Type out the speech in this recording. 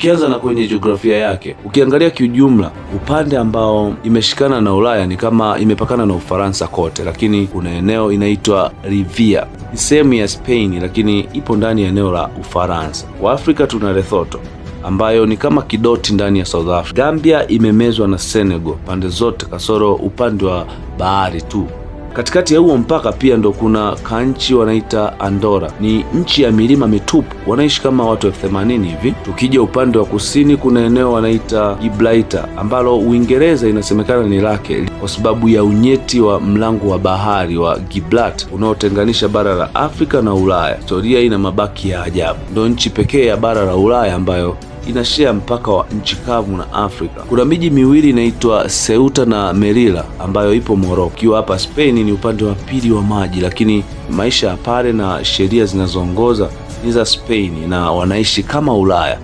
Tukianza na kwenye jiografia yake, ukiangalia kiujumla, upande ambao imeshikana na Ulaya ni kama imepakana na Ufaransa kote, lakini kuna eneo inaitwa Rivia, ni sehemu ya Spain, lakini ipo ndani ya eneo la Ufaransa. Kwa Afrika tuna Lesotho ambayo ni kama kidoti ndani ya South Africa. Gambia imemezwa na Senegal pande zote, kasoro upande wa bahari tu. Katikati ya huo mpaka pia ndo kuna kanchi wanaita Andora, ni nchi ya milima mitupu, wanaishi kama watu elfu themanini hivi. Tukija upande wa kusini, kuna eneo wanaita Gibraltar ambalo Uingereza inasemekana ni lake kwa sababu ya unyeti wa mlango wa bahari wa Gibraltar unaotenganisha bara la Afrika na Ulaya. Historia ina mabaki ya ajabu, ndo nchi pekee ya bara la Ulaya ambayo inashea mpaka wa nchi kavu na Afrika. Kuna miji miwili inaitwa Ceuta na Melilla ambayo ipo Morocco. Ikiwa hapa Spain ni upande wa pili wa maji, lakini maisha ya pale na sheria zinazoongoza ni za Spain na wanaishi kama Ulaya.